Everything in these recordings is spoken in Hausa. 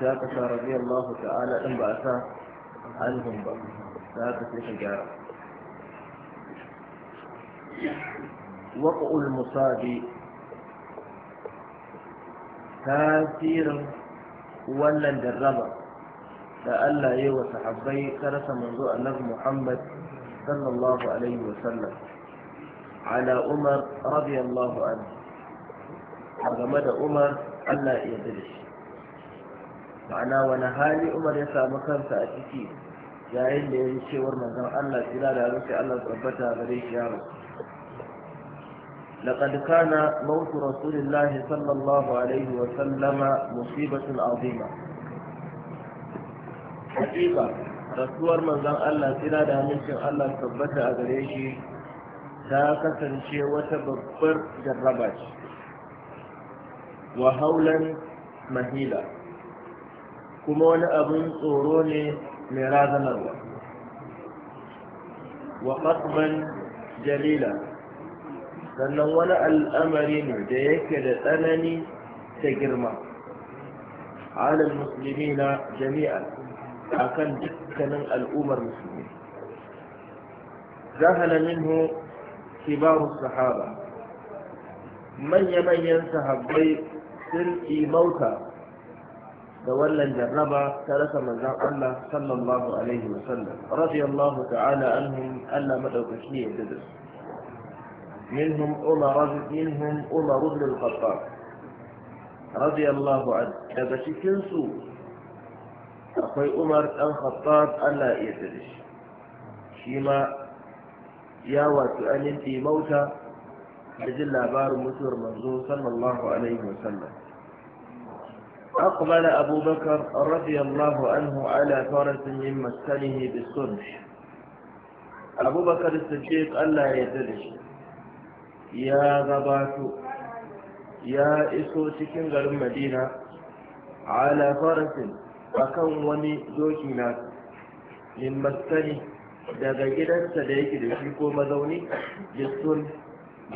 ساكتا رضي الله تعالى ان باتا عنهم في حجارة وقع المصاب تاثير ولا الربط da Allah ya wa sahabbai karasa manzo annabi Muhammad sallallahu alaihi wa sallam ala Umar radiyallahu anhu a game da Umar Allah ya yarda shi ma'ana wani hali Umar ya samu kansa a ciki yayin da ya yi cewar manzon Allah tsira da rufe Allah tabbata gare shi yaro لقد كان موت رسول الله صلى الله عليه وسلم مصيبة عظيمة hakika rasuwar manzon Allah tsira da amincin Allah tabbata a gare shi ta kasance wata babbar jarraba ce wa haulan mahila kuma wani abin tsoro ne mai razanarwa wa ƙasban jalila sannan wani al'amari ne da yake da tsanani ta girma alal musulmi na jami'a akan dukkanin al'ummar musulmi zahala minhu kibaru sahaba manya-manyan sahabbai sun imauta da wannan jarraba ta rasa manzan Allah sallallahu alaihi wasallam radiyallahu ta'ala anhum Allah madaukaki ya yarda da su منهم عمر منهم عمر بن الخطاب رضي الله عنه daga cikinsu akwai umar ɗan khattab allah ya tsare shi shi ma ya wato ainihin mauta da jin labarin mutuwar manzo sallallahu alaihi wasallam أقبل أبو بكر رضي الله عنه على فرس من مسكنه بالصلح أبو بكر الصديق ألا يدرش يا غبات يا cikin garin المدينة على فرس akan wani doki na min maskani daga gidansa da yake da shi ko mazauni da sun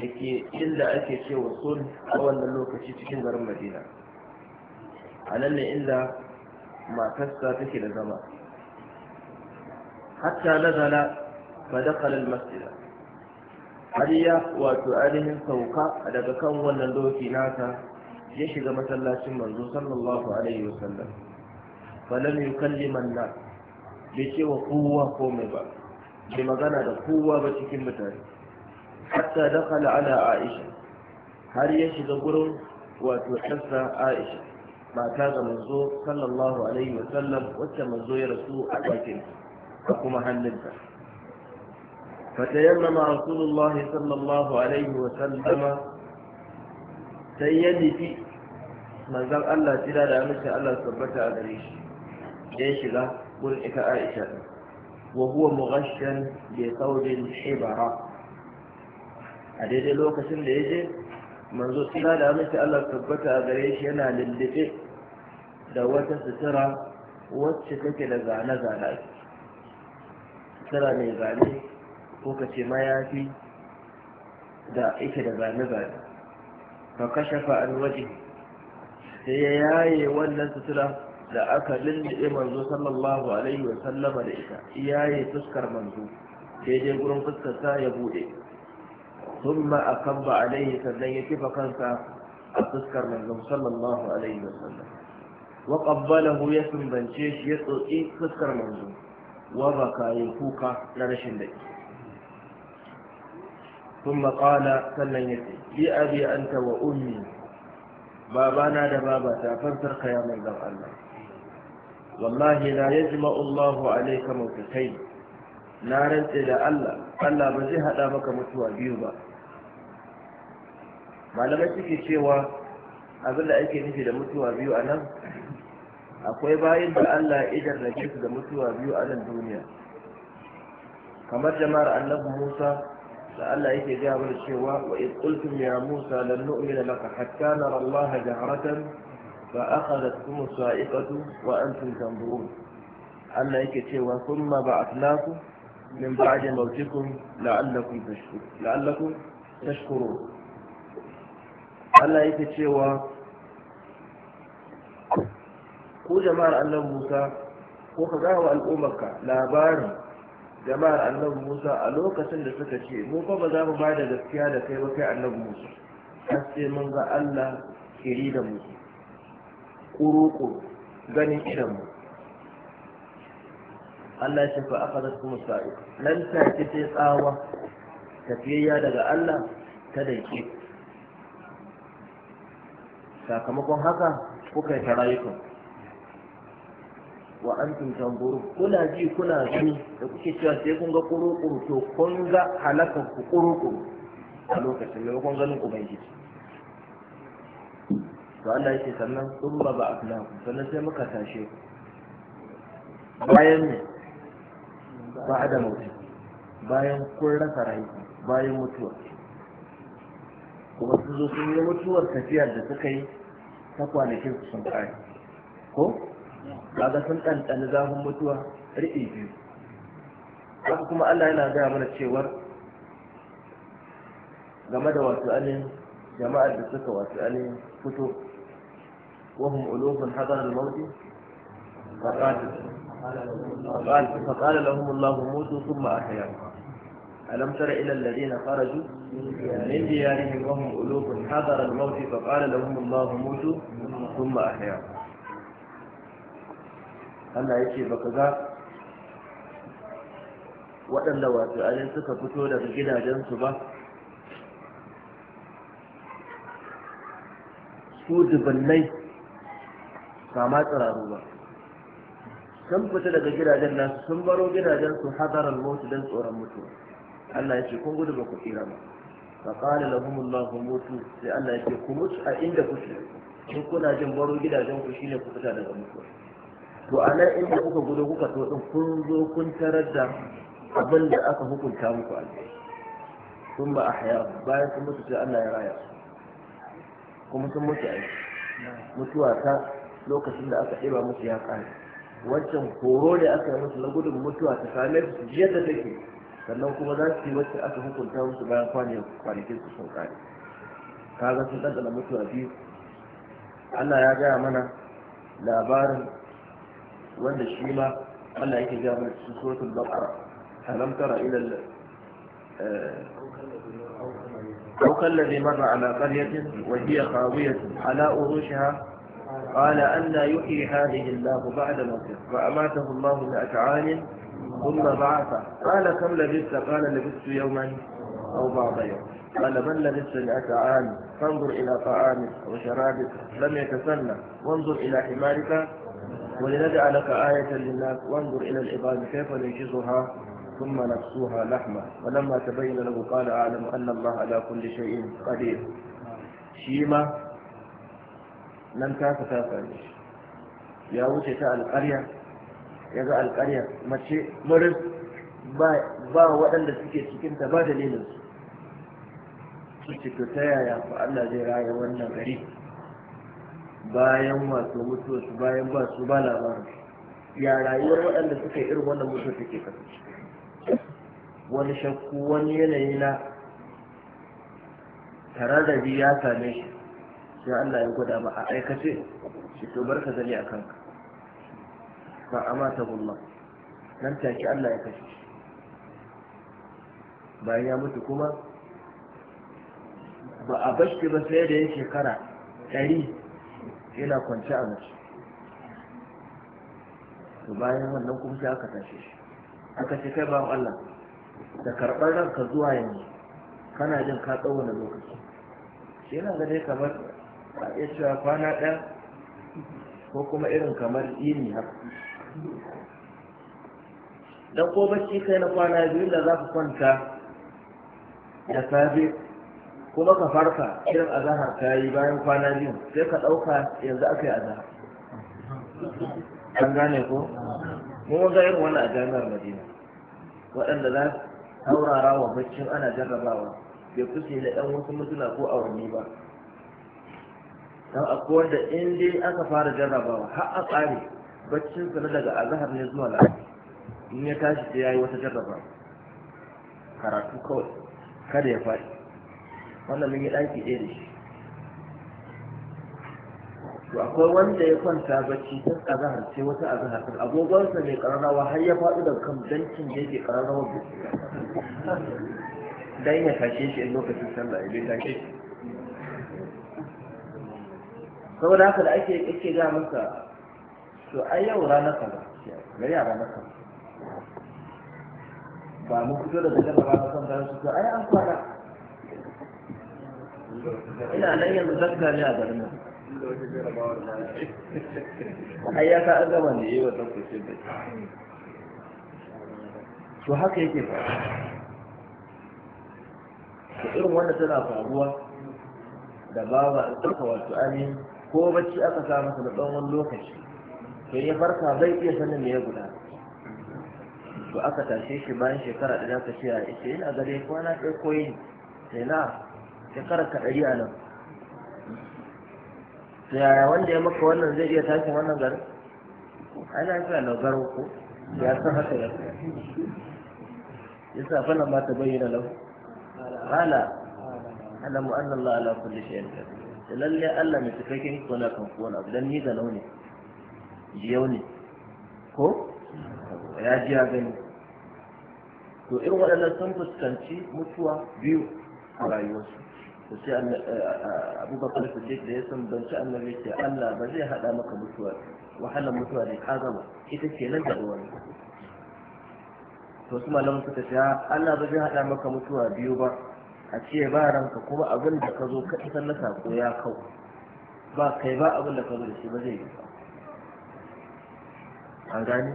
da ke inda ake cewa sun a wannan lokaci cikin garin madina a nan ne inda matarsa take da zama hatta nazala fa dakhala al Har ya wato ainihin sauka daga kan wannan doki nata ya shiga masallacin manzo sallallahu alaihi wasallam falam yukallim an-nas bai ce wa kowa komai ba bai magana da kowa ba cikin mutane hatta dakhala ala aisha har ya shiga gurin wato tsarsa aisha mata ga manzo sallallahu alaihi wa sallam wacce manzo ya rasu a bakin da kuma hannunta فتيمم رسول الله alaihi wa sallama وسلم سيدي في manzon Allah jira da amince Allah tabbata a gare shi da ya shiga wurin ita aisha wa huwa mughashshan bi thawbin hibara a daidai lokacin da ya je manzo tsira da amince Allah tabbata gare shi yana lullube da wata sutura wacce take da zane-zane sutura mai zane ko ka ce mayafi da ake da zane-zane fa kashafa an waje sai ya yaye wannan sutura da aka lindade manzo sallallahu alaihi wa sallama da ita yi fuskar manzo daidai gurin fuskar sa ya bude kan ba alaihi sannan ya kifa kansa a fuskar manzo sallallahu alaihi wa sallam wa qabbalahu ya sumbance shi ya tsotsi fuskar manzo wa ba ka yi kuka na rashin daki ce bi abi anta wa ummi babana da babata تفرسر kayan manzon Allah. wallahi la yajma'u Allahu alayka mawtatayn na rantse da Allah Allah ba zai hada maka mutuwa biyu ba malamai suke cewa abinda da ake nufi da mutuwa biyu a akwai bayan da Allah ya jarrabe su da mutuwa biyu anan duniya kamar jama'ar annabi Musa da Allah yake gaya mana cewa wa in qultum Musa lan nu'mina laka hatta nara Allah jahratan فأخذتكم الصائقة وأنتم تنظرون Allah yake cewa kun ma ba a tunaku min ba a jin bautikun la'allakun tashkuro Allah yake cewa ku jama'ar Allah Musa ko ka gawa al'ummarka labarin jama'ar Allah Musa a lokacin da suka ce mu fa ba za mu ba da gaskiya da kai ba kai Allah Musa har sai mun ga Allah kiri da Musa ƙuruƙu ganin idanmu Allah shi fa aka kuma sa'i nan ce sai tsawa tafiyayya daga Allah ta daike sakamakon haka kuka ta rayukan wa an tun tamburu kuna ji kuna ji da kuke cewa sai kun ga ƙuruƙuru to kun ga halakar ku ƙuruƙuru a lokacin da, maimakon ganin ubangiji to Allah yake sannan sun ba ba ku sannan sai muka tashe ku bayan ne ba da mutu bayan kun rasa rayuwa bayan mutuwa kuma sun zo sun yi mutuwar tafiyar da suka yi ta kwanakin su sun kare ko kaga sun ɗanɗani zafin mutuwa riɗi biyu haka kuma Allah yana gaya mana cewar game da wasu alin jama'ar da suka wasu alin fito وهم ألوف حضر الموت فقال فقال فقال لهم الله موتوا ثم أحياهم ألم تر إلى الذين خرجوا من ديارهم وهم ألوف حضر الموت فقال لهم الله موتوا ثم أحياهم Allah ya ce baka ga waɗanda wato alin suka fito daga gidajensu ba su dubannai ba ma ba sun fita daga gidajen nasu sun baro gidajen su hadarar mutu don tsoron mutu. Allah ya ce kun gudu ba ku tsira ba fa qala lahum Allahu mutu sai Allah ya ce ku mutu a inda kuke in kuna jin baro gidajen ku shine ku fita daga mutu. to a nan inda kuka gudu kuka to din kun zo kun tarar da abin da aka hukunta muku a sun ba a haya bayan sun mutu sai Allah ya raya kuma sun mutu a mutuwa ta lokacin da aka ɗiba musu ya ƙare wancan horo ne aka yi musu na gudun mutuwa ta same su su jiyar da take sannan kuma za su yi wacce aka hukunta musu bayan kwanakin su sun ƙare ga sun ɗanɗana mutuwa biyu Allah ya gaya mana labarin wanda shi ma Allah yake gaya mana cikin sotun baqara alam tara ila أو كالذي مر على قرية وهي خاوية على أروشها قال أن يحيي هذه الله بعد موته فأماته الله مئة عام ثم بعثه قال كم لبثت قال لبثت يوما أو بعض يوم قال من لبثت مئة عام فانظر إلى طعامك وشرابك لم يتسنى وانظر إلى حمارك ولندع لك آية للناس وانظر إلى العباد كيف ننشزها ثم نقصوها لحمة ولما تبين له قال أعلم أن الله على كل شيء قدير شيمة nan tasa ta same shi ya wuce ta alƙarya ya ga alƙarya mace murin ba waɗanda suke cikin ta ba dalilin su su ta yaya fa Allah zai raya wannan gari bayan wato mutuwa su bayan ba su ba labarin ya rayuwar waɗanda suka yi irin wannan mutuwa take kasance wani shakku wani yanayi na tare da ya same shi sai Allah ya gwada ba a aikace shi to barka zali a kanka a mata Allah nan take Allah ya kashe bayan ya mutu kuma ba a bashi ba sai da ya shekara ɗari yana kwance a mace to bayan wannan kuma sai aka tashe shi aka ce kai bawan Allah da karɓar ranka zuwa yanzu kana jin ka na lokaci shi yana gane kamar a iya cewa kwana ɗaya ko kuma irin kamar yini haka dan ko bacci kai na kwana biyu da za ka kwanta da safe kuma ka farka irin azahar kayi yi bayan kwana biyu sai ka ɗauka yanzu aka yi azahar an gane ko mun ga irin wannan a jami'ar madina waɗanda za su haurara wa baccin ana jarrabawa bai kusa da ɗan wasu mutuna ko awanni ba don akwai wanda in dai aka fara jarrabawa har a tsare baccin sa daga azhar ne zuwa la in ya tashi sai yayi wata jarrabawa karatu kawai kada ya faɗi wannan mun yi ɗaki ɗaya da shi to akwai wanda ya kwanta bacci tun azhar sai wata azahar tun sa mai kararrawa har ya faɗi daga kan dancin da yake kararrawa dan ya tashe shi in lokacin sallah ya bai tashe shi saboda haka da ake yake ga masa to ai yau ranar kaza gari a ranar kaza ba mu fito da daga ba ba san da to ai an kwana ina nan yanzu zakka ne a garin nan ai ya ka gama ne yi ta kushe da to haka yake ba to irin wanda tana faruwa da bawa ɗauka wato ainihin ko bacci aka sa masa da tsawon lokaci to ya farka bai iya sanin me ya guda to aka tashe shi bayan shekara ɗaya aka ce a ishe ina gare kwana ɗaya ko yini sai na shekara ka ɗari a nan to yaya wanda ya maka wannan zai iya tashi wannan garin ai na na garo ko ya san haka ya yasa fa lamma tabayyana ta qala alamu anna allaha ala kulli shay'in qadir lalle Allah mai cikakken iko na kan kowane abu dan ni da launi jiyau ne ko ya ji ya gani to irin waɗannan sun fuskanci mutuwa biyu a rayuwarsu to sai eh, eh, abubakar ce da ya ci annabi ce Allah ba zai haɗa maka mutuwa wahalar mutuwa ne ka gama ita ce nan da wani to su malamu suka ce ah, Allah ba zai haɗa maka mutuwa biyu ba a ce ba ranka kuma abin da ka zo ka isar na sako ya kau ba kai ba abin da ka zo da shi ba zai yi ba a gani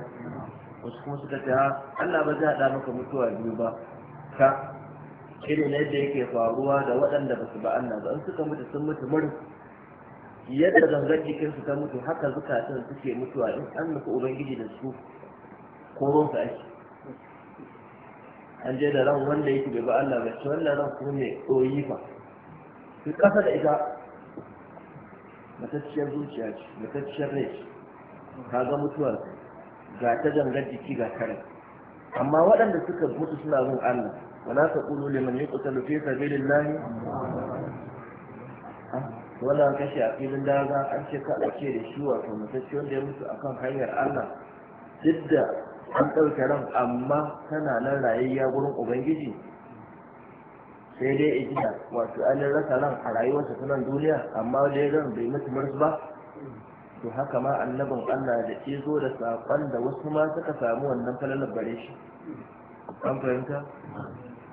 wasu kuma suka ce ah, Allah ba zai haɗa maka mutuwa biyu ba ka na yadda yake faruwa da waɗanda ba su ba Allah ba in suka mutu sun mutu mur yadda jikin su ta mutu haka zukatan suke mutuwa in an nufi ubangiji da su ko ruwansa ake an je da ran wanda yake bai ba Allah ba to wannan ran kuma mai koyi fa shi kasa da ita matacciyar zuciya ce matacciyar rai ce ka ga mutuwar ga ta gangar jiki ga kare amma waɗanda suka mutu suna zuwa Allah wala ta qulu liman yuqtalu fi sabilillahi ah, wala kashe a filin daga an ce ka ake da shi wato matacciyar da ya mutu akan hanyar Allah duk da an ɗauke ran amma tana nan rayayya gurin ubangiji sai dai ijiya wato an rasa ran a rayuwarsa ta nan duniya amma dai ran bai mutu mars ba to haka ma annabin Allah da ke zo da saƙon da wasu ma suka samu wannan falalar bare shi an fahimta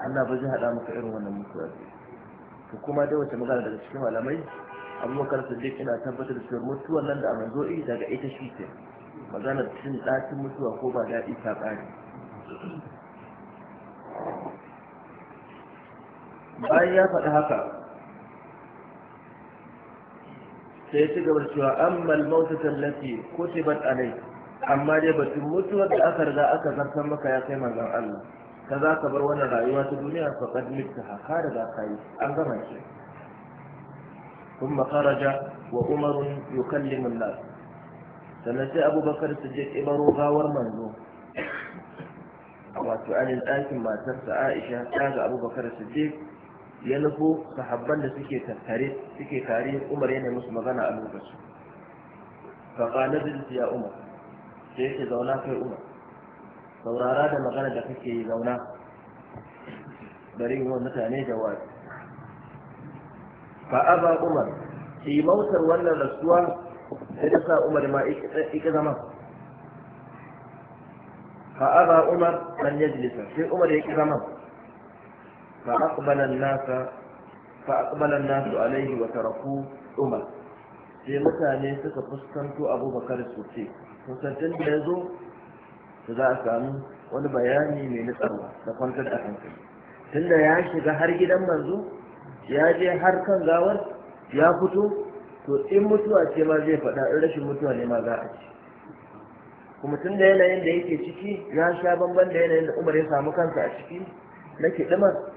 Allah ba zai haɗa maka irin wannan mutuwa to kuma dai wace magana daga cikin malamai abubakar sadiq ina tabbatar da cewa mutuwar nan da a daga ita shi ce maganar cikin ɗakin mutuwa ko ba daɗi ta ƙare bayan ya faɗi haka sai ci gaba cewa an malmauta tallafi ko ce ban alai amma dai batun mutuwar da aka riga aka zartar maka ya kai manzan Allah ka za ka bar wannan rayuwa ta duniya ka kad mitta haka da za ka yi an gama shi ثم خرج وعمر يكلم nasu sannan sai abubakar je ibaro gawar manzo wato anin ɗakin matarsa aisha ta ga abubakar siddiq ya nufo sahabban da suke tattare suke tare umar yana musu magana a lokacin faƙalar da ya umar sai yake zauna kai umar saurara da magana da kake yi zauna bari yi mutane da jawabi fa'aba umar imautar wannan rasuwa sai ta sa umar ma ika zama fa aba umar dan yajlisa sai umar ya ki zama fa aqbala an-nasa fa aqbala an-nasu alayhi wa taraku umar sai mutane suka fuskanto abubakar su ce kusantin da ya zo su za a samu wani bayani mai nutsarwa da kwantar da hankali tunda ya shiga har gidan manzo ya je har kan gawar ya fito to in mutuwa ce ma zai faɗa in rashin mutuwa ne ma za a ce kuma tun da yanayin da yake ciki ya sha bamban da yanayin da umar ya samu kansa a ciki na kiɗimar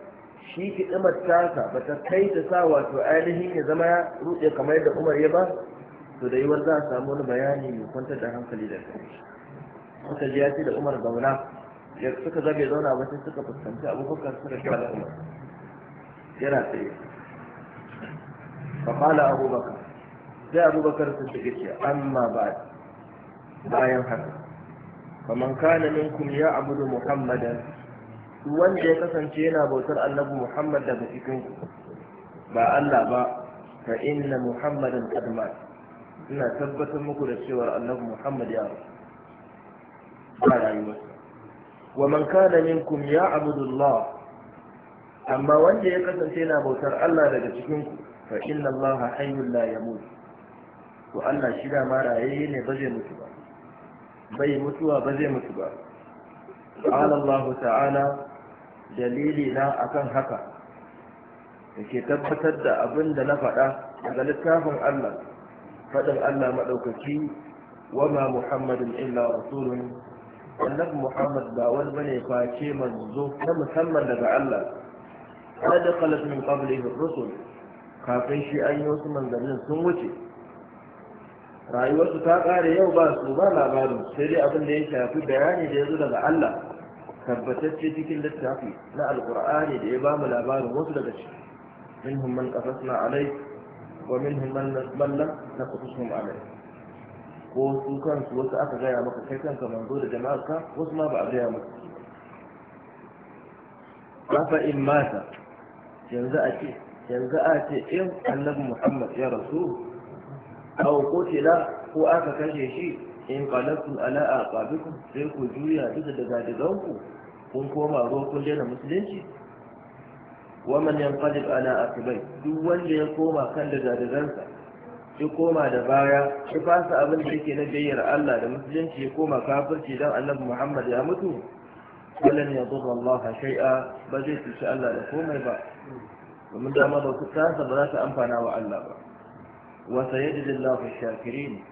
shi kiɗimar tasa ba ta kai ta sa wato ainihin ya zama ya ruɗe kamar yadda umar ya ba to da yiwuwar za a samu wani bayani mai kwantar da hankali da kai suka ji ya ce da umar zauna ya suka zage zauna ba sai suka fuskanci abubakar suka kira da umar yana tsaye abubakar sai abubakar siddiq ce amma ba bayan haka faman kana minkum ya abudu muhammadan wanda ya kasance yana bautar annabi muhammad daga cikin ba Allah ba fa inna muhammadan qad ina tabbatar muku da cewa annabi muhammad ya rasu ba rayuwa wa man kana minkum ya abudu allah amma wanda ya kasance yana bautar Allah daga cikin ku fa inna allaha hayyul la yamut to Allah shi da ma raye ne ba zai mutu ba bai mutuwa ba zai mutu ba qala Allah ta'ala dalili na akan haka yake tabbatar da abin da na faɗa daga littafin Allah faɗin Allah madaukaki wama Muhammadin illa rasulun annabi Muhammad ba wani bane face manzo na musamman daga Allah kada khalas min qablihi rusul kafin shi an yi wasu manzannin sun wuce rayuwarsu ta kare yau ba su ba labarin sai dai abin da ya shafi bayani da ya zo daga Allah tabbatacce cikin littafi na alƙur'ani da ya ba mu labarin wasu daga ciki minhum man qasasna alai wa minhum man man lam qasasum alai ko su kansu wasu aka gaya maka kai kanka manzo da jama'ar ka wasu ma ba a gaya maka kafa in mata yanzu a ce yanzu a ce in annabi muhammad ya rasu aw qutila ko aka kashe shi in qalatu ala aqabikum sai ku juya duka daga diganku kun koma ruwa kun musulunci wa man yanqalib ala aqibai duk wanda ya koma kan daga ya koma da baya ya fasa abin da yake na bayyana Allah da musulunci ya koma kafirci dan Annabi Muhammad ya mutu ولن يضر الله شيئا بجيت إن شاء الله ba يبقى ومن دام ضوء كتان فبلاك أنفعنا وعلا بقى wa sayajid Allahu shakirin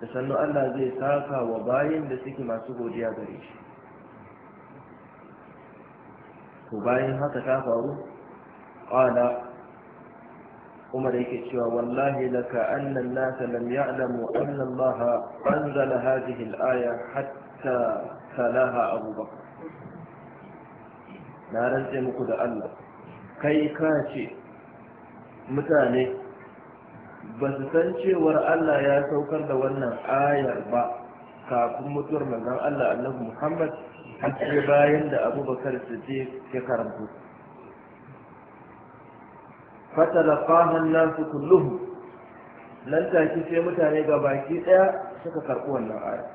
da sannu Allah zai saka wa bayan da suke masu godiya gare shi bayan haka ta faru qala umar yake cewa wallahi laka annan an lam ya'lamu anna Allah anzala hadhihi aya hatta salaha Abu na rantse muku da Allah kai ka ce mutane ba su san cewar Allah ya saukar da wannan ayar ba kafin mutuwar manzon Allah annabi Muhammad har bayan da Abubakar Siddiq ya karanto fatalaqaha an-nas kulluhum nan ta take sai mutane ga baki daya suka karɓi wannan aya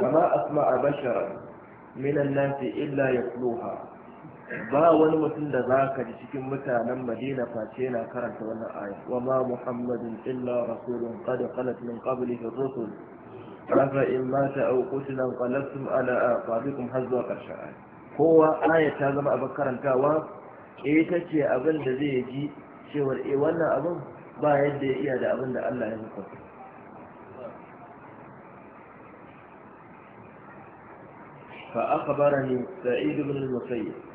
kama asma'a basharan min an-nas illa yatluha ba wani mutum da za ka ji cikin mutanen madina face na karanta wannan aya wa ma muhammadin illa rasulun qad khalat min qablihi rusul rafa in ta au qutilan qalatum ala aqabikum hazwa zuwa kowa aya ta zama abin karantawa eh ce abin da zai ji cewar eh wannan abin ba yadda ya iya da abin da Allah ya hukunta فأخبرني سعيد بن المسيب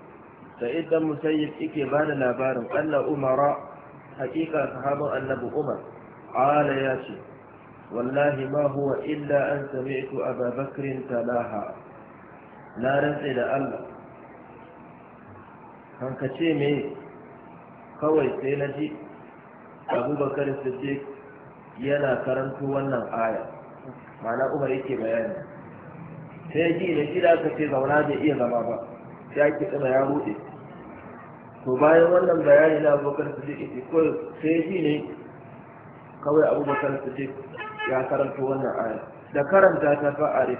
Da dan musayyib yake ba da labarin anna umara haƙiƙa sahaban annabi umar Ala ya ce wallahi ma huwa illa an sami'tu aba bakrin talaha na rantse da allah hankace me kawai sai na ji abubakar siddiq yana karanto wannan aya ma'ana umar yake bayani sai ji ne shi da aka ce zauna bai iya zama ba sai ake tsina ya buɗe. to bayan wannan bayani na abubakar jiki ke kawai sai shi ne kawai abubakar siddiq ya karanta wannan aya da karanta ta fa'ari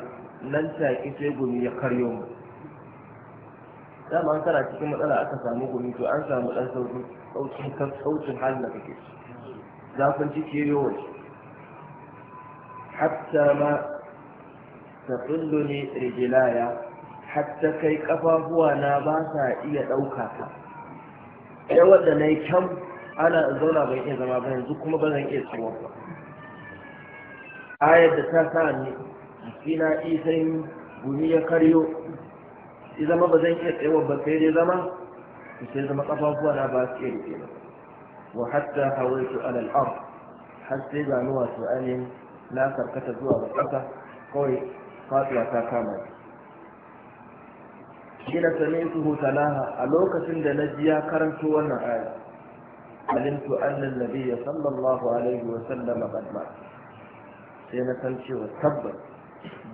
nan take sai gumi ya karyo mu dama an tana cikin matsala aka samu gumi to an samu dan sauki saukin kan saukin halin da kake zafin ciki wani hatta ma ne rigilaya hatta kai kafafuwa na ba sa iya ɗauka ta ai wanda na yi kyam ana zauna ban iya zama ba yanzu kuma ba zan iya tsawon ba ayar da ta sa ni ina isan gumi ya karyo shi zama ba zan iya tsawon ba sai dai zama sai zama kafafuwa na ba su iya rike ba wa hatta su alal ard har sai ga ni wato ainihin na karkata zuwa ga kawai fatuwa ta kama ni hina sami'tuhu talaha a lokacin da na ji ya karanto wannan aya alimtu anna nabiyya sallallahu alaihi wa sallama qad sai na san cewa tabbas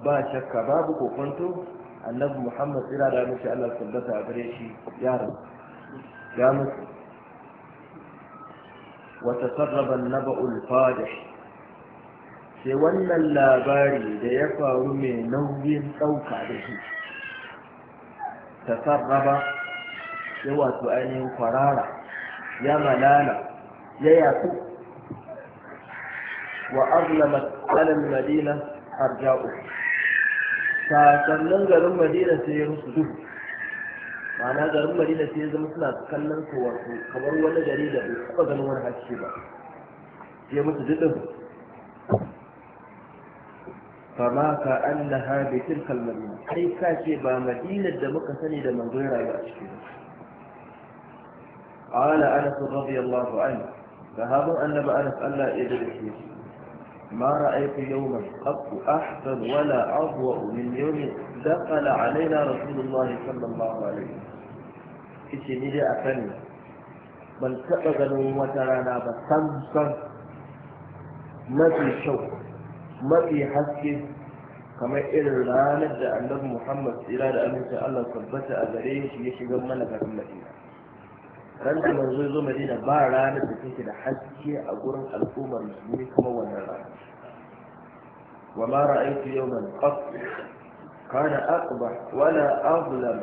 ba shakka babu kokonto annabi muhammad tsira da mace allah tabbata a gare shi yaron ya mutu wata sarraban naba'ul fadih sai wannan labari da ya faru mai nauyin ɗauka da shi tasarraba ya wato ainihin kwarara ya malala ya yaku wa azlamat alal madina arja'u sasannin garin madina sai ya rusu duhu ma'ana garin madina sai ya zama suna kallon su wato kamar wani gari da bai taɓa ganin wani haske ba sai musu duhu فما كأنها بتلك المدينة أي كاشي با مدينة دمك سند من يا يأشكي قال أنس رضي الله عنه فهذا أن أنس ألا إدركي ما رأيت يوما قط أحسن ولا أضوأ من يوم دخل علينا رسول الله صلى الله عليه وسلم إشي نجي أفني بل تبغى نوم وترانا بسمسم ما في شوق mafi haske kamar irin ranar da annabi muhammad tsira da amincin allah tabbata a gare shi ya shiga mana garin madina ran da manzo zo madina ba ranar da take da haske a gurin al'ummar musulmi kuma wannan rana wa ma ra'aytu yawman qat kana aqbah wala azlam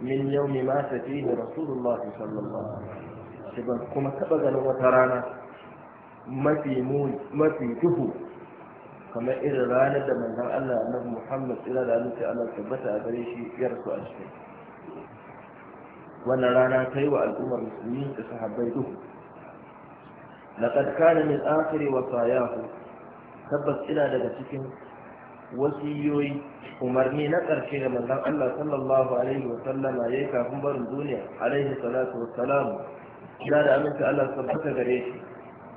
min yawmi ma fihi rasulullah sallallahu alaihi wasallam kuma taba ganin wata rana mafi muni mafi duhu kamar irin ranar da manzon Allah na Muhammad tsira da Allah Allah tabbata a gare shi ya rasu a cikin wannan rana ta yi wa al'ummar musulmi da sahabbai duhu laqad kana min akhiri wasayahu tabbas ina daga cikin wasiyoyi umarni na ƙarshe da manzon Allah sallallahu alaihi wa sallama yayi kafin barin duniya alaihi salatu wassalam ina da aminta Allah tabbata gare shi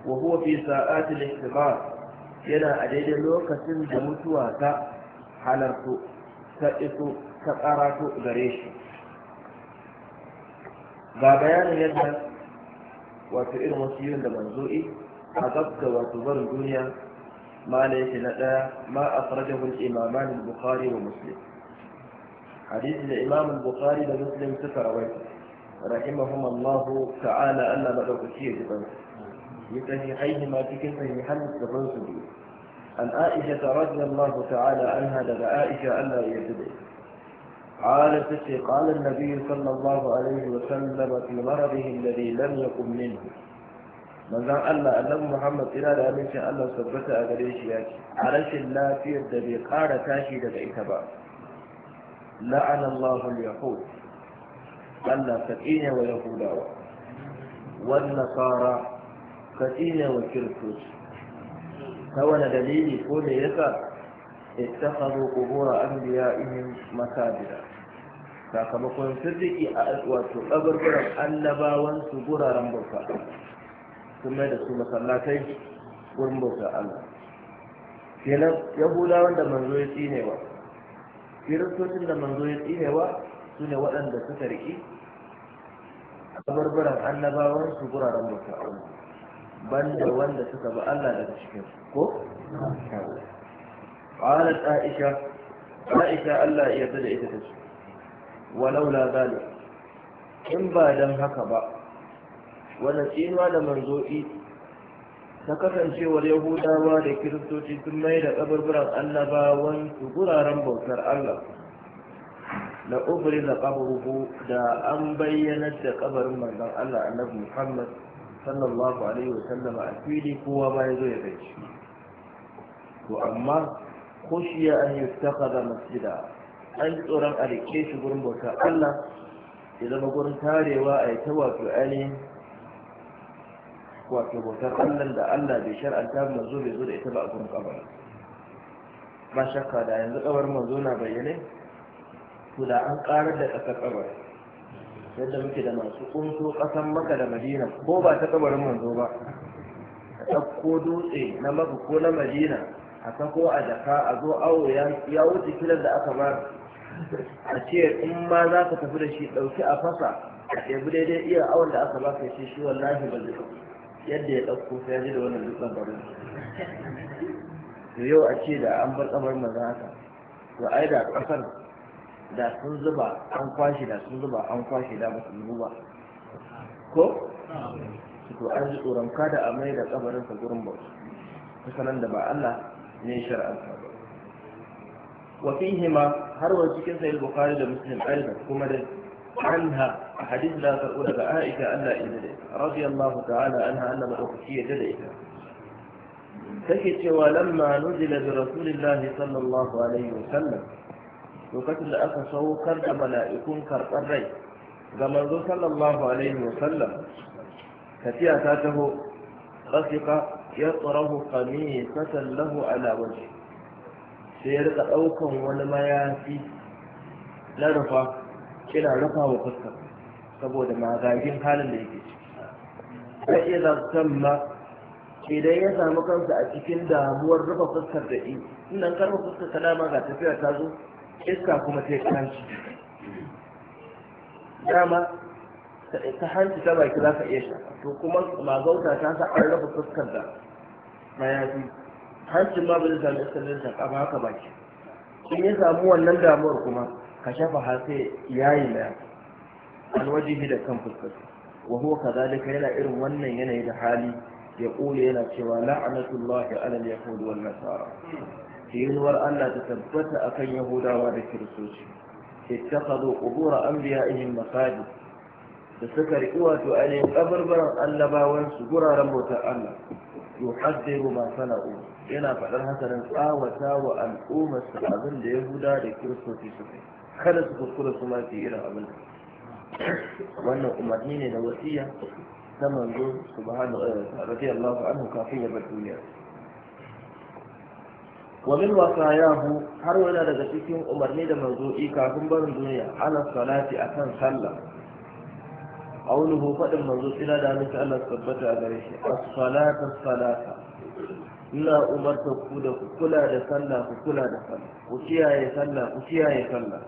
wa huwa fi sa'atil ihtibar yana a daidai lokacin da mutuwa ta halarto ta iso ta karato gare shi ga bayanin yadda wato irin wasu yin da manzo'i a gabta wato barin duniya ma na yake na ɗaya ma a farajahun imaman bukhari wa muslim hadisi da Imamin bukhari da muslim suka rawaita rahimahum allahu ta'ala allah maɗaukaki ya ji ɗansu لصحيحيه ما في صحيحان الدبن سبيل عن عائشة رضي الله تعالى عنها لدى عائشة ألا يبدأ قالت قال النبي صلى الله عليه وسلم في مرضه الذي لم يقم منه manzan Allah annabi Muhammad tsira da amincin Allah tabbata a gare shi ya ce a rashin lafiyar da bai kara tashi daga ita ba la'anallahu al-yahud Allah ta tsine ka tsine wa kiristoci ta wani dalili ko da yasa ittakhadhu qubur anbiya'ihim masajida sakamakon sirriki a wato kaburburan annabawan su guraren bauta sun mai da su masallatai gurin bauta Allah kenan yahudawan da manzo ya tsinewa kiristocin da manzo ya tsinewa su ne waɗanda suka riƙi kaburburan annabawan su guraren bauta Allah banda wanda suka bi Allah daga cikin ko qalat aisha aisha Allah ya yarda da ita ta tace walau la zalim in ba dan haka ba wannan tsinuwa da manzo'i ta kasancewar yahudawa da kiristoci sun mai da kaburburan annabawan su guraren bautar Allah Na ubri da kaburuhu da an bayyana da kabarin manzon Allah annabi Muhammad sallallahu alaihi wa sallama a fili kowa ma ya zo ya gaishe to amma ko shi khushiya an yuttakhadha masjida an tsoron a rike shi gurin bauta Allah ya zama gurin tarewa a yi ta wato ainihin wato bautar Allah da Allah bai shar'anta manzo bai zo da ita ba a gurin kabar ba shakka da yanzu kabar manzo na bayyane to da an karar da ƙasar kabar yadda muke da masu kunso kasan maka da madina ko ba ta kabarin manzo ba ɗauko dutse na maka ko na madina a sako a jaka a zo awo ya wuce kilan da aka ba a ce in ma za ka tafi da shi ɗauki a fasa a ɗebi daidai iya awon da aka ba ka ce shi wallahi ba yadda ya ɗauko sai ya ji da wannan dutsen barin to yau a ce da an bar kamar maza haka to ai da ƙasar da sun zuba an kwashe da sun zuba an kwashe da ba yi ba ko to an ji tsoron kada a mai da kabarinsa gurin bauta kusanan da ba Allah ne shar'anta ba wa fihima har wa cikin sahih bukhari da muslim alba kuma da anha hadith da karbu daga aisha Allah inda da radiyallahu ta'ala anha anna madaukaki ya da ita take cewa lamma nuzila bi rasulillahi sallallahu alaihi wa sallam lokacin da aka saukar da mala'ikun karɓar rai ga manzo sallallahu alaihi wa sallam tafiya ta taho rasika ya tsarahu qamisatan lahu ala wajhi sai ya rika ɗaukan wani mayafi na rufa kina rufa wa fuska saboda magagin halin da yake ciki ta iya tamma idan ya samu kansa a cikin damuwar rufe fuskar da yi nan karfa fuskar kalama ga tafiya ta zo iska kuma sai kanci dama ta hanci ta baki za ka iya sha to kuma magauta ta sa an rufe fuskar da mayafi hancin ma ba zai sami iskar da baki in ya samu wannan damuwar kuma ka shafa har sai yayi na an da kan fuskar wa huwa kadhalika yana irin wannan yanayi da hali ya kula yana cewa la'anatullahi ala al-yahud wal nasara tsinuwar Allah ta tabbata akan Yahudawa da Kiristoci ittakhadhu qubur anbiya'ihim masajid da suka riƙi wato ainihin kabarbaran annabawan su guraren bautar Allah yuhaddiru ma sana'u yana faɗar hasarin tsawata wa al'ummar su abin da Yahuda da Kiristoci suka kada su kuskura su ma irin abin wannan umarni ne da wasiya ta manzo subhanahu wa ta'ala radiyallahu anhu kafin ya bar duniya wa min wasayahu har wani daga cikin umarni da manzo manzo'i kafin barin duniya ala salati akan sallah qawluhu fadin manzo tsira da miki Allah tabbata a gare shi as-salata as-salata ina umarta ku da ku kula da sallah ku kula da sallah ku kiyaye sallah ku kiyaye sallah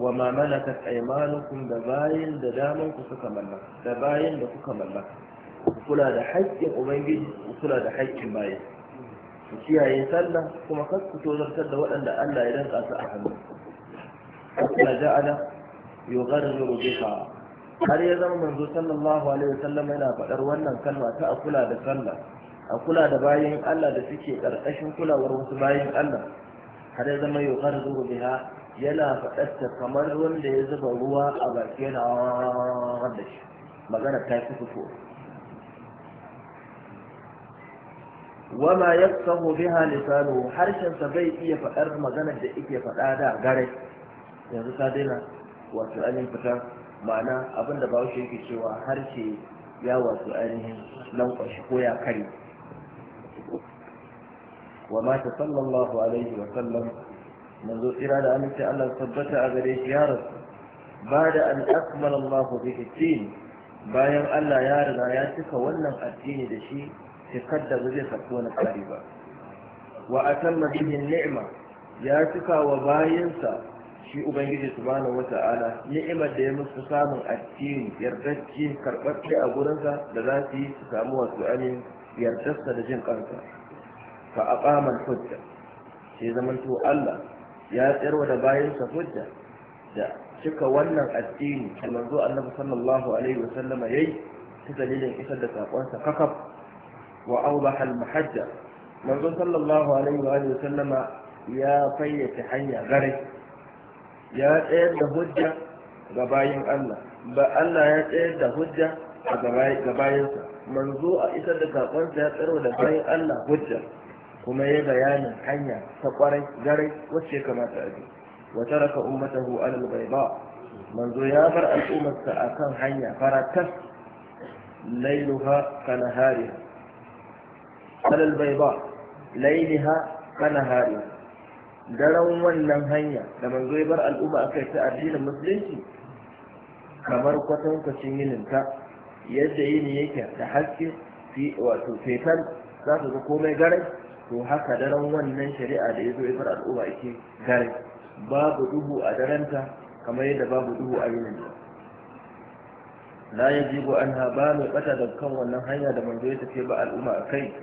wa ma malakat aymanukum da bayin da daman ku suka mallaka da bayin da kuka mallaka ku kula da haƙƙin ubangiji ku kula da haƙƙin bayin ku kiyaye sallah kuma kar ku tozartar da waɗanda Allah ya danka su a hannu kuma ja'ala yugharriru biha har ya zama manzo sallallahu alaihi wasallam yana faɗar wannan kalma ta akula da sallah akula da bayin Allah da suke ƙarƙashin kulawar wasu bayin Allah har ya zama yugharriru biha yana ta kamar wanda ya zuba ruwa a baki yana da magana ta fi fito wama yafsahu biha lisanu harshen sa bai iya faɗar maganar da yake faɗa da gare yanzu ta daina wasu ainihin fita ma'ana abin da bawashi yake cewa harshe ya wasu ainihin lankwashi ko ya kare wa mata sallallahu alaihi wa sallam manzo tsira da aminci Allah tabbata a gare shi ya rasu ba da an akmala Allah bihi bayan Allah ya riga ya cika wannan addini da shi cikar da ba zai saki wani tsari ba wa atamma bihi ni'ma ya cika wa bayansa shi ubangiji subhanahu wata'ala ni'imar da ya musu samun addini yardacce karɓaɓɓe a gurinsa da za su yi su samu wasu amin yardarsa da jin kansa fa aqama hujja sai zamanto Allah ya tsirwa da bayansa hujja da cika wannan addini da manzo annabi sallallahu alaihi wasallama yayi ta dalilin isar da saƙonsa kakaf وأوضح المحجة منذ صلى الله عليه وآله وسلم يا فيت حيا غري يا تيد هجة غباين الله ba Allah ya tsayar da hujja a gabayinsa manzo a isar da sakonsa ya tsaro da bayan Allah hujja kuma ya bayanin hanya ta kwarai garai wacce kamata a bi wa taraka ummatahu alal manzo ya bar al'ummarsa kan hanya faratas lailuha kanahariha على البيضاء ليلها كنهارها daren wannan hanya da manzo bar al'umma akai ta addinin musulunci kamar kwatankwacin yininta yadda yini yake da haske wato fetal za su ga komai garai to haka daren wannan shari'a da ya zo bar al'umma yake garai babu duhu a darenta kamar yadda babu duhu a yininta la yajibu anha ba mai bata da kan wannan hanya da manzo ta tafi ba al'umma akai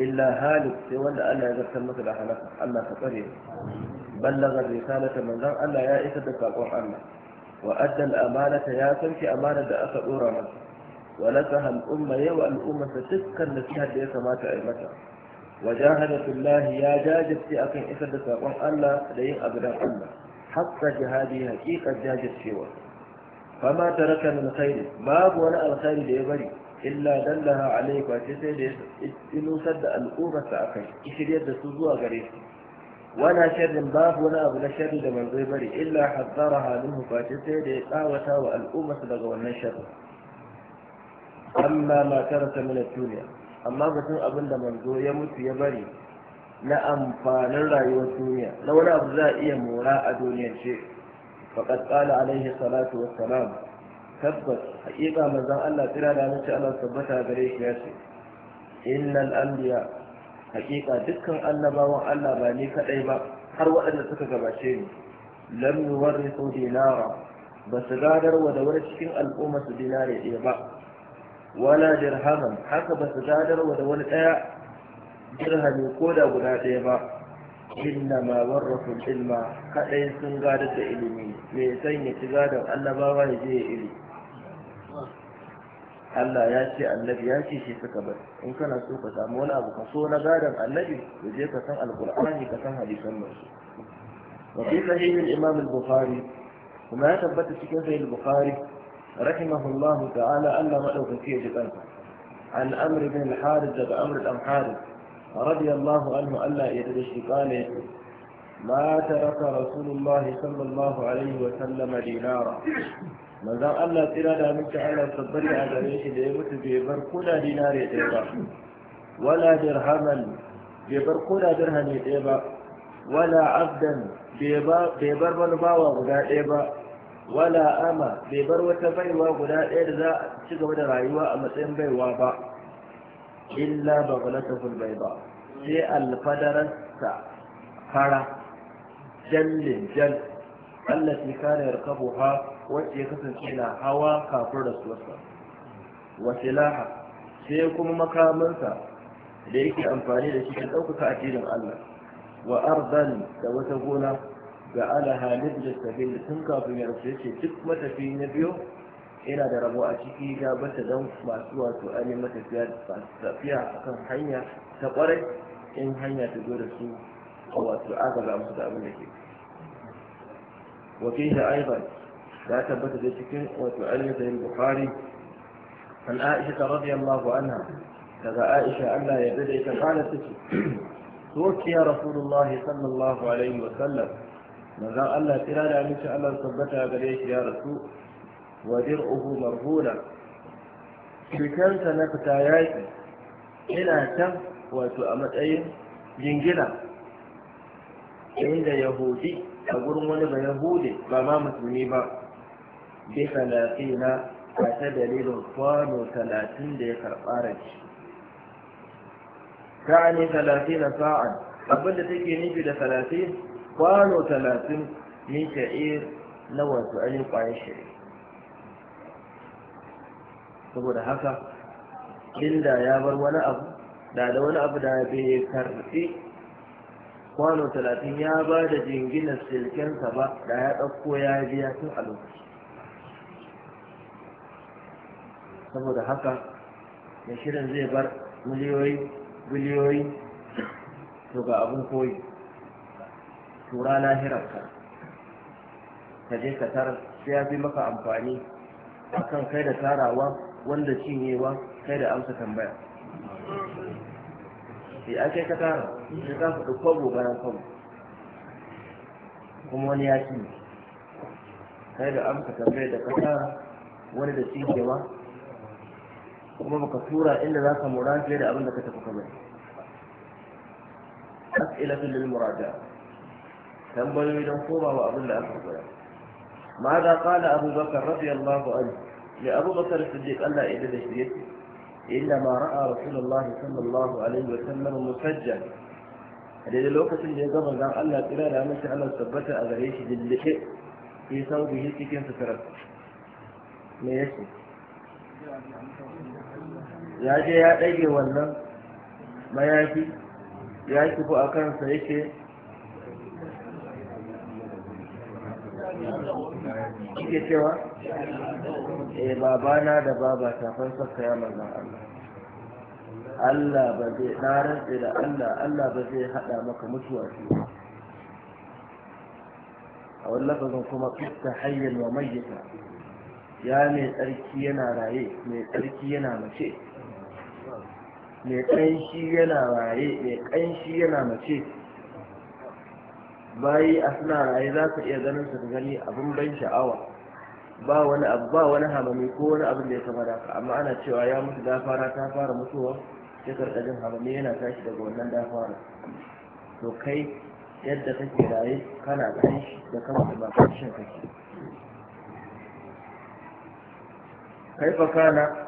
illa halik sai wanda Allah ya zartar masa da halaka Allah ka tsare ballaga risalata manzon Allah ya isa da sakon Allah wa adda al-amanata ya sanki amanar da aka dora masa wa nasaha al-umma wa al-umma ta dukkan nasiha da ya kamata a yi mata wa jahada ya jajirce akan isar da sakon Allah da yin abudan Allah hakka jihadi haqiqat jajircewa fama taraka min khair babu wani alkhairi da ya bari illa dallaha alaihi ce sai da ya da al'ummarsa a kai shirya da su zuwa gare su wala sharrin babu wani abu na sharri da manzoi bari illa haddara halin ba sai da ya tsawata wa al'ummarsa daga wannan sharri amma ma ta mana duniya amma batun abin da manzo ya mutu ya bari na amfanin rayuwar duniya na wani abu za a iya mora a duniyar ce faqad alaihi salatu wassalam tabbas haƙiƙa manzon Allah tira da mace Allah tabbata gare shi ya ce innal anbiya haƙiƙa dukkan annabawan Allah ba ni kadai ba har waɗanda suka gabace ni lam yuwarrisu dinara ba su wa da wani cikin al'umma su dinare ɗaya ba wala dirhaman haka ba su gadarwa da wani ɗaya dirhami ko da guda ɗaya ba inna ma ilma kaɗai sun gadar da ilimi mai ya ci gadon annabawa ya je ya ilimi Allah ya ce annabi ya ce shi suka bar in kana so ka samu wani abu ka so na gadon annabi da je ka san alkur'ani ka san hadisan nan wa fi sahihin imam al-bukhari kuma ya tabbata cikin sahih al-bukhari rahimahullahu ta'ala Allah madaukaki ya ji kanka an amr bin harith daga amr al-harith radiyallahu anhu Allah ya tada shi ما ترك رسول الله صلى الله عليه وسلم دينارا manzon Allah tsira da miki Allah tabbari a gare shi da ya mutu bai bar koda dinare ɗaya ba wala dirhaman bai bar koda dirhami ɗaya ba wala abdan bai bar wani guda ɗaya ba wala ama bai bar wata baiwa guda ɗaya da za ci gaba da rayuwa a matsayin baiwa ba illa ba bai ba sai alfadararsa fara jallin jal allati kana yarkabuha wacce ya kasance na hawa kafin rasuwarsa wa silaha sai kuma makamansa da yake amfani da shi don ɗaukaka addinin Allah wa ardan da wata gona ga da lidda da tun kafin ya rasu yace duk matafi na biyo ina da rabo a ciki ya bata don masu wato ainihin matafiya tafiya akan hanya ta kwarai in hanya ta zo da su wato agaza musu da abin da ke ya وفيه أيضا لا تبت ذلك وتؤلف An Aisha عائشة رضي الله عنها daga aisha allah ya da ita kana take tokiya rasulullahi sallallahu alaihi wa sallam manzon allah kira da miki allah tabbata gare shi ya rasu wa dir'uhu marhula cikinsa na fita yaƙi ina can wato a matsayin jingina inda yahudi a gurin wani ba yahudi ba ma musulmi ba bi talatina a ta dalilin kwano talatin da ya karɓa rashi ne talatina sa'an abinda take nufi da talatin kwano talatin min sha'ir na wasu ainihin kwayar shari'a saboda haka inda ya bar wani abu da da wani abu da bai karɓi kwano talatin ya ba da jinginar silkensa ba da ya ɗauko ya biya tun a lokaci saboda haka mai shirin zai bar miliyoyi biliyoyi to ga abin koyi tura lahirarka ka je ka tara sai ya fi maka amfani akan kai da tarawa wanda cinyewa kai da amsa tambaya ce eh, a kai ka tara sai ka kwabo bayan kwabo kuma wani ya ci kai da amsa tambayar da ka tara wani da cinke ma kuma baka tura inda za ka mura fiye da abin da ka tafi kamar as'ilatu lil muraja tambayoyi don koma wa abin da aka koya ماذا قال أبو بكر رضي الله عنه لأبو بكر الصديق الله إذا شريته إنما رأى رسول الله صلى الله عليه وسلم مسجد هذا لوكة يقضى قال الله إلا لا مشي على الثبت أغريش للحق في ثوبه سكين سترك ما يشي ya je ya ɗage wannan mayafi ya kifo a kansa yake kike cewa eh babana da baba ta fansarka ya manzan Allah Allah ba zai na rantse da Allah Allah ba zai hada maka mutuwa shi a wani lafazin kuma kuka hayyan wa mayyita ya mai tsarki yana raye mai tsarki yana mace mai ƙanshi yana raye mai ƙanshi yana mace bayi a suna raye za ka iya ganin su gani abin ban sha'awa ba wani abu ba wani hamami ko wani abin da ya kama da ka amma ana cewa ya mutu dafara ta fara mutuwa ya karɓa jin hamami yana tashi daga wannan dafara to kai yadda kake raye kana ganin shi da kama da bakashin kake kai fa kana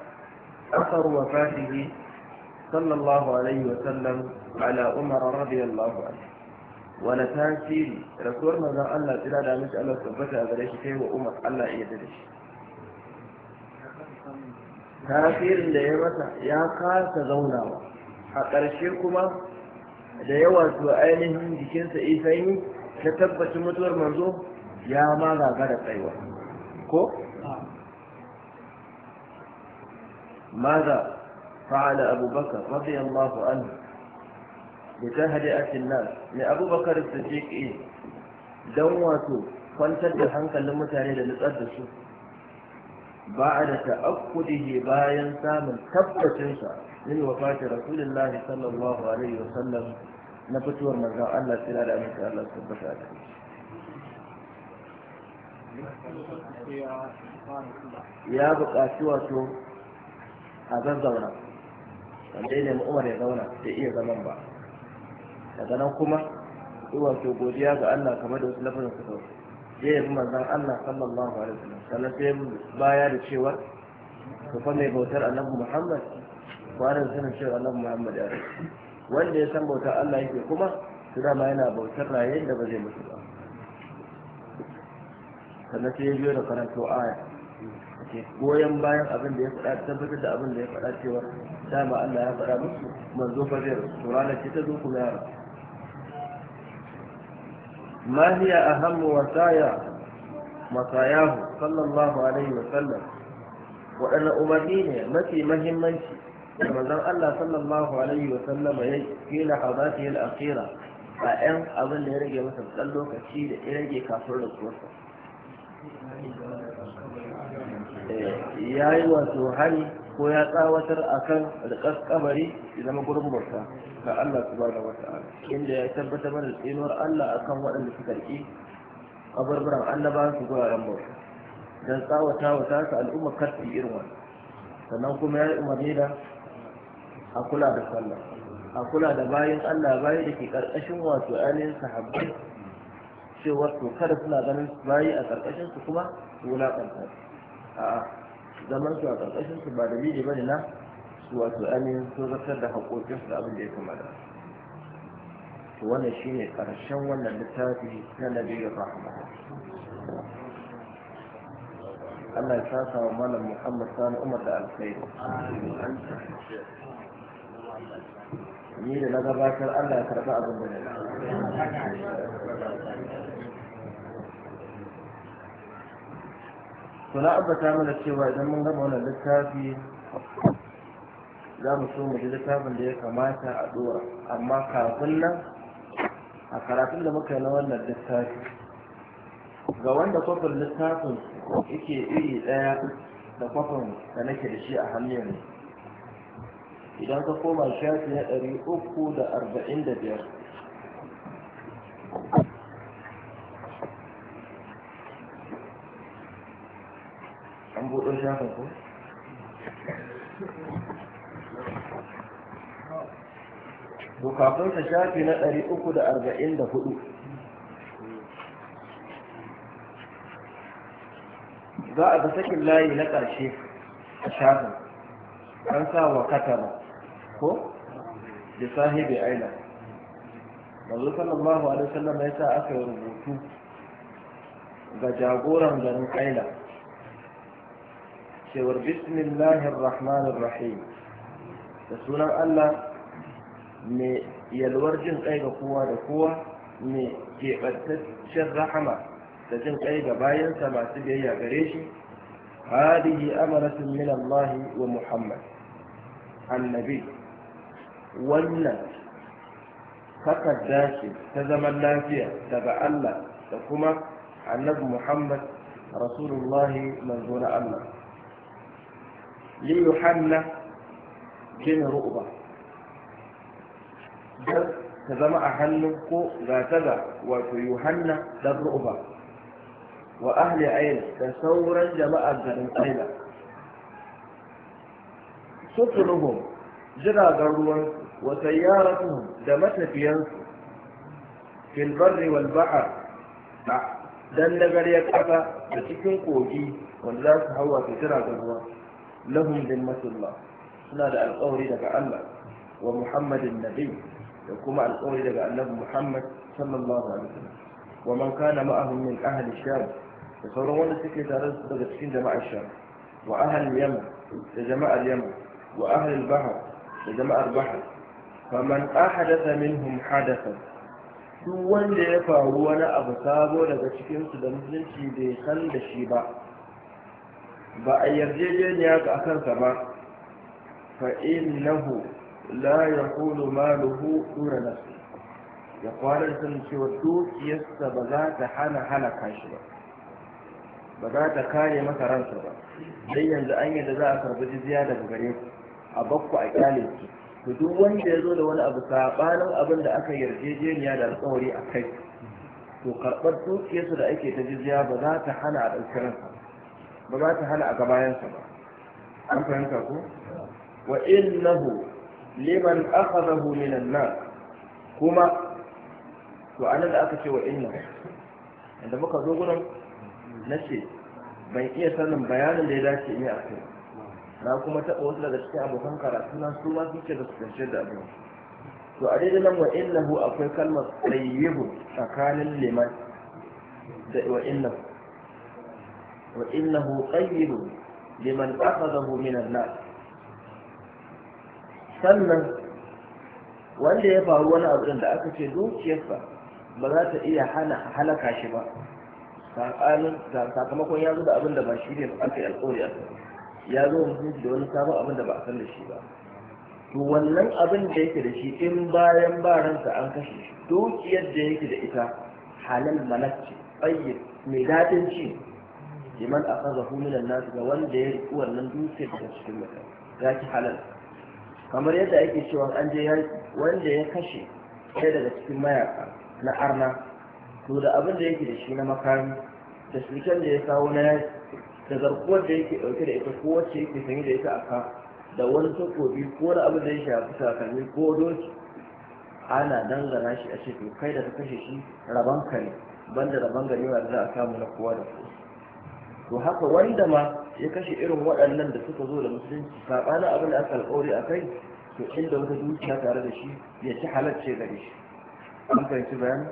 asar wafatihi sallallahu alaihi wa sallam ala umar radiyallahu anhu wani tasiri rasuwar manzon Allah tsira da miki Allah tabbata a gare shi kai wa Umar Allah ya da shi tasirin da ya masa ya kasa zaunawa a ƙarshe kuma da yawa su ainihin jikinsa sanyi ta tabbaci mutuwar manzo ya ma gagara tsaiwa ko ماذا فعل أبو بكر رضي الله عنه da ta hadiyatin nan mai abubakar da jike don wato kwantar da hankalin mutane da nutsar da su ba a da ta'akkudihi bayan samun tabbacinsa min wafatin rasulullahi sallallahu alaihi wa sallam na fitowar manzon Allah tsira da amince Allah su tabbata da ya buƙaci wato a zazzauna wanda ya nemi umar ya zauna da iya zaman ba daga nan kuma wato godiya ga Allah kamar da wasu lafazin su wasu ya yi manzan Allah sallallahu alaihi wasallam sannan sai baya da cewa ka fa mai bautar annabi Muhammad da sanin cewa annabi Muhammad ya rasu wanda ya san bautar Allah yake kuma su dama yana bautar raye da ba zai mutu ba sannan sai ya biyo da karanto aya ke goyon bayan abin da ya faɗa tabbatar da abin da ya faɗa cewa dama Allah ya faɗa musu manzo fa zai rasu ranar ce ta zo kuma ya rasu ما هي أهم وصايا وصاياه صلى الله عليه وسلم وأن أمدين متي مهمنشي كما زال الله صلى الله عليه وسلم في لحظاته الأخيرة فأن أظن يرجي مثل صلوا كثير يرجي كافر لكوسا ya yi wato hari ko ya tsawatar akan rikas kamari zama gurin bauta ga Allah subhanahu wata'ala inda ya tabbata mana tsinuwar Allah akan waɗanda suka ki kabarbaran annaba su guraren bauta dan tsawata wa tasa al'umma karfi irin wannan sannan kuma ya umarni da a kula da sallah a kula da bayan Allah bayi da ke karkashin wato ainihin sahabbai cewa to kada suna ganin bayi a karkashin su kuma wulakanta a'a zaman su a karkashin su ba dalili bane na su wato ainihin sun zartar da haƙoƙinsu da abin da ya kamata to wannan shine ƙarshen wannan littafi na nabiyin rahama Allah ya saka wa malam Muhammad Sani Umar da alkhairi ni da na gabatar Allah ya karɓi abin da na to na ambata mana cewa idan mun gama wannan littafi za mu so mu ji littafin da ya kamata a dora amma kafin nan a karatun da muka yi na wannan littafi ga wanda kwafin littafin yake iri ɗaya da kwafin da nake da shi a hannun idan ka koma shafi na ɗari uku da arba'in da biyar an buɗe shafin ku kafin sa shafi na 344 za a ga sakin layi na ƙarshe a shafin an sa wa katara ko da sahibi aila manzo sallallahu alaihi wasallam ya sa aka yi rubutu ga jagoran garin aila cewar bismillahir rahmanir rahim da sunan Allah mai yalwar jin kai ga kowa da kowa mai keɓantaccen rahama da jin kai ga bayansa masu biyayya gare shi hadihi amaratun min Allah wa Muhammad annabi wannan takarda ce ta zaman lafiya daga Allah da kuma annabi Muhammad rasulullahi manzo na Allah li yuhanna bin ru'ba don ta zama a hannun ko ga ta wato yuhanna dan ru'uba wa ahli aila da sauran jama'ar garin aila sufuruhum jiragen ruwan wa sayyaratuhum da matafiyan fil barri wal bahr dan kasa da cikin kogi wanda za su hawa su jiragen ruwa lahum din suna da alƙawari daga Allah wa Muhammadin Nabi da kuma alƙawari daga annabi muhammad sallallahu alaihi wasallam wa man kana ma'ahum min ahli sham da sauran wanda suke tare daga cikin jama'ar sham wa ahli yaman da jama'ar yaman wa ahli al-bahr da jama'ar bahr faman ahadatha minhum hadathan duk wanda ya faru wani abu sabo daga cikinsu da musulunci bai san da shi ba ba a yarjejeniya ga kansa ba fa innahu la ma kulu maluhu dura nafsi ya kwanar sun dukiyarsa ba za ta hana halaka shi ba ba za ta kare masa ransa ba dai yanzu an yadda za a karbi jizya daga gare a bakku a kyale ki to wanda ya zo da wani abu sabanin abin da aka yarjejeniya da alƙawari a kai to karɓar dukiyarsa da ake ta jizya ba za ta hana a ɗauki ransa ba za ta hana a gabayansa ba an fahimta ko wa innahu liman akhadahu minan nas kuma to anan da aka ce wa inna inda muka zo gurin nace ban iya sanin bayanin da ya dace ni a kai na kuma taɓa wasu daga cikin abokan karatu na su ma suke da su da abin to a daidai nan wa innahu akwai kalmar tsayyibu tsakanin liman da wa innahu wa innahu tsayyibu liman akhadahu minan nas sannan wanda ya faru wani abu da aka ce dukiyarsa ba za ta iya hana halaka shi ba sakamakon ya zo da abin da ba shi ne aka yi alƙawari a ya zo mutunci da wani sabon abin da ba a san da shi ba to wannan abin da yake da shi in bayan ba ransa an kashe shi dukiyar da yake da ita halal malakci tsayyar mai daɗin ci liman a kan zafi minan nasu ga wanda ya riƙi wannan dukiyar da cikin mutane za ki halal kamar yadda ake cewa an je yaƙi wanda ya kashe ɗaya daga cikin mayaka na arna to da abin da yake da shi na makami da sulken da ya kawo na yaki da zarkuwar da yake ɗauke da ita ko wacce yake sanye da ita a ka da wani takobi ko da abin da ya shafi sakanni ko doki ana dangana shi a ce to kai da ka kashe shi raban ka ne banda raban gari wanda za a samu na kowa da kowa to haka wanda ma ya kashe irin waɗannan da suka zo da musulunci saɓanin abin da aka alƙawari a kai to inda wata dukiya tare da shi ya ci halarce gare shi an fahimci bayan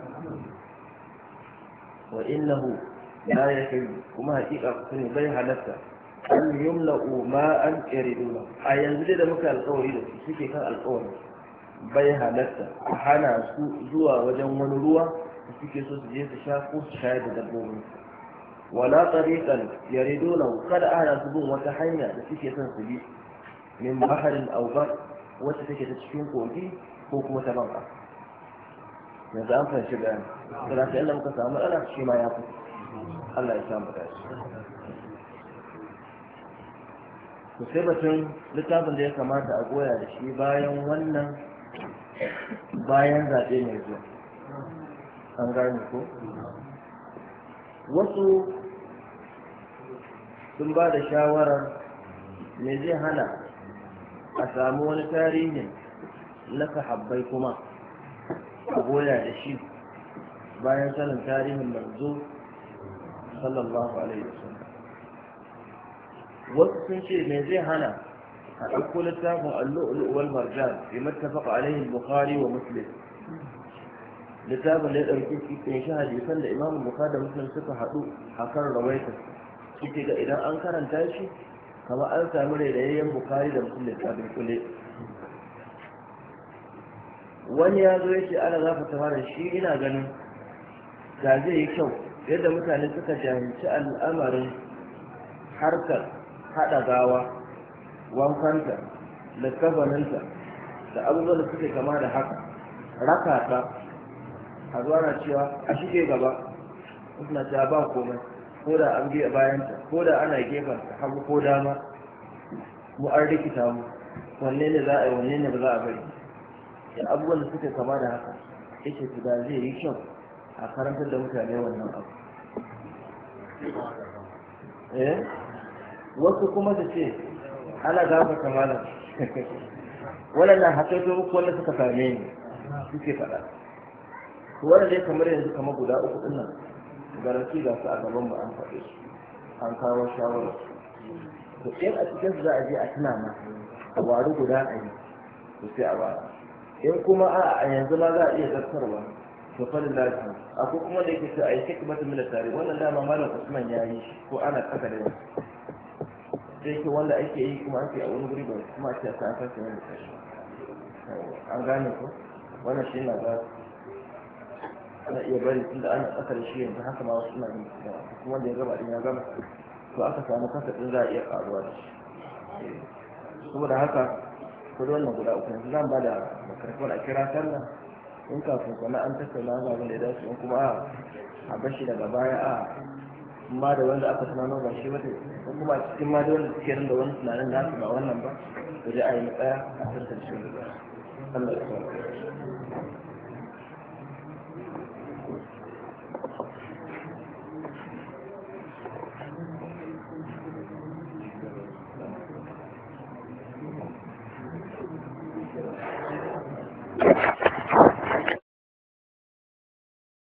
wa innahu la yakai kuma haƙiƙa ku sani bai halarta an yumna'u ma an a yanzu dai da muka alƙawari da su suke kan alƙawari bai halarta a hana su zuwa wajen wani ruwa da suke so su je su sha ko su shayar da dabbobinsu wala tariqan yaridunahu kada ana su bin wata hanya da suke son su bi min baharin aw wacce take ta cikin kogi ko kuma ta banka yanzu an fahimci bayani saboda sai Allah muka samu matsala shi ma ya fi Allah ya samu dace to sai batun littafin da ya kamata a goya da shi bayan wannan bayan zaɓe mai zuwa an gane ko wasu sun ba da shawarar me zai hana a samu wani tarihin na sahabbai kuma a goya da shi bayan sanin tarihin manzo sallallahu alaihi wasallam wasu sun ce me zai hana a ɗauko littafin allu'ulu wal marjan bi mattafaqa alaihi bukhari wa muslim littafin da ya ɗauki shi hadisan da imam bukhari da muslim suka haɗu kan rawaitar yake ga idan an karanta shi kama an samu da rairayayyen bukari da musulun tabin kule wani ya zo ya ce ana za ta fara shi ina ganin da zai yi kyau yadda mutane suka jahilci al'amarin harkar haɗa gawa wankanta da kabaninta da abubuwan da suke kama da haka raka ta a zuwa na cewa a shige gaba suna cewa ba komai ko da an biya bayanta ko da ana gefen hagu ko dama mu an rikita mu wanne ne za a yi wanne ne ba za a bari Ya abubuwan da suka kama da haka yake su da zai yi kyau a karantar da mutane wannan abu eh wasu kuma su ce ana gafa kamala waɗannan hakaito uku wanda suka same ni suke faɗa wanda dai kamar yanzu kamar guda uku ɗin nan garanti ga su a gaban mu an faɗe su an kawo shawarar su to in a cikin za a je a tuna ma a waru guda a yi to sai a bara in kuma a yanzu ma za a iya zartarwa to fa lillahi akwai kuma da yake ce a yi hikmatu min tare wannan dama malam Usman ya yi ko ana kaka da yau sai ke wanda ake yi kuma ake a wani guri ba kuma a a sa'a kasa ne da kashi an gane ko wannan shi na za ana iya bari tunda ana tsakar shi yanzu haka ma wasu ina da kuma da ya gama din ya gama to aka samu kasa din za a iya karuwa da shi saboda haka ko da wannan guda uku yanzu zan ba da makarfar a kira sallah in kafin kwana an tattauna ga abin da ya dace in kuma a bashi daga baya a ma da wanda aka tunano ba shi wata ko kuma cikin ma da wanda suke da wani tunanin nasu ba wannan ba da a yi matsaya a tattauna shi Allah ya kawo